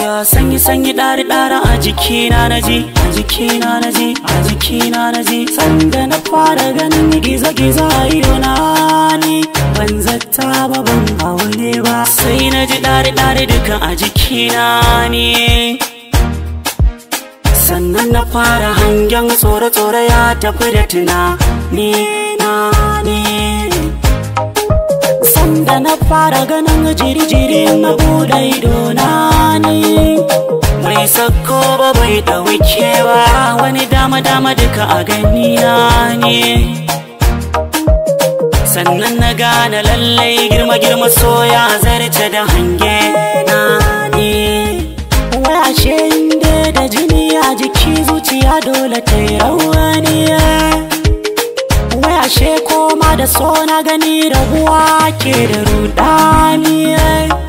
Ya sanyi sanyi ɗari ɗari a jikina na a jikina na naji, a jikina na sanda na fara ganin giza giza a idona ni ban zata ba ban aure ba sai na ji ɗari ɗari duka a jikina ne sannan na fara hangen tsoro tsoro ya tafi da tuna ni na ni. sanda na fara ganin jiri jiri na bude ido sako ba bai ɗauke ba wani dama dama duka a gani na ne sannan na gane lallai girma girma soya zarce da hange na ne wace inda da jini a jiki zuciya dole ta yi Wai wace koma da so na gani rabuwa ke da rudaniya.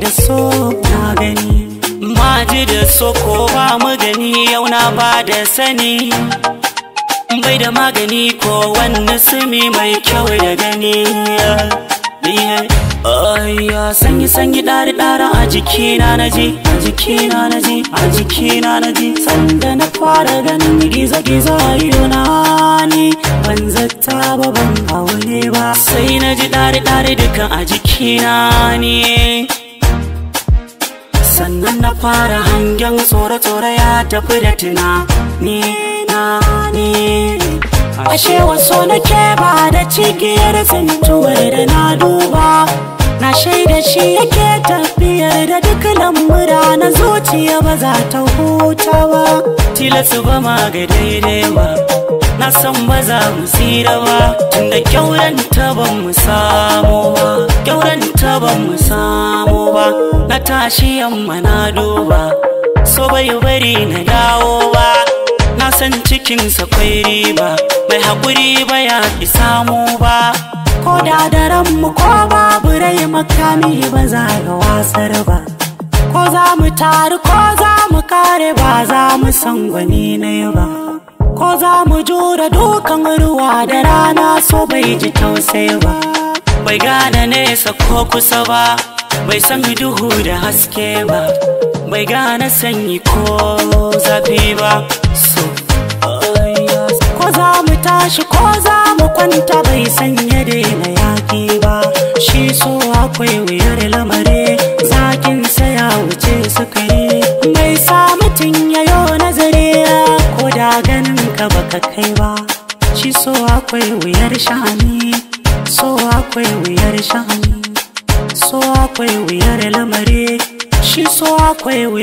da so na gani maji da so ko ba mu gani yau na ba da sani bai da magani ko wani sumi mai kyau da gani Ayya sanyi sanyi ɗari ɗari a jikina na ji a jikina na ji a jikina na ji sanda na fara ganin giza giza na ni ban zata ba ban aure ba sai na ji ɗari ɗari dukan a jikina ne fara hangen tsore-tsore, ya tafi da tuna ni na ni ashe wasu nake ba da cigiyar tsintuwar da na duba na shaida shi yake tafiyar da duk lamura na zuciya ba za ta huta ba tilasu ba ma ga daidai ba na san ba za mu tsira ba tunda kyauranta ta ban mu samu ba kyauranta ta ban mu samu tashi yamma na duba so bai bari na dawo ba na san cikinsa kwai riba mai haƙuri ba ya fi samu ba ko da daren mu ko babu rai makami ba za ga wasar ba ko za mu taru ko za mu kare ba za mu san gwani na yi ba ko za mu jura dukan ruwa da rana so bai ji tausayi ba bai gane nesa ko kusa ba bai san duhu da haske ba bai gane sanyi ko zafi ba so ko za mu tashi ko za mu kwanta bai san ya daina yaƙi ba shi so akwai wuyar lamari zakin saya wuce sukari bai sa mutum yayo nazari ko da ganin ka baka kai ba shi so akwai wuyar sha'ani so akwai wuyar shani akwai wuyar lamari shi so akwai wuyar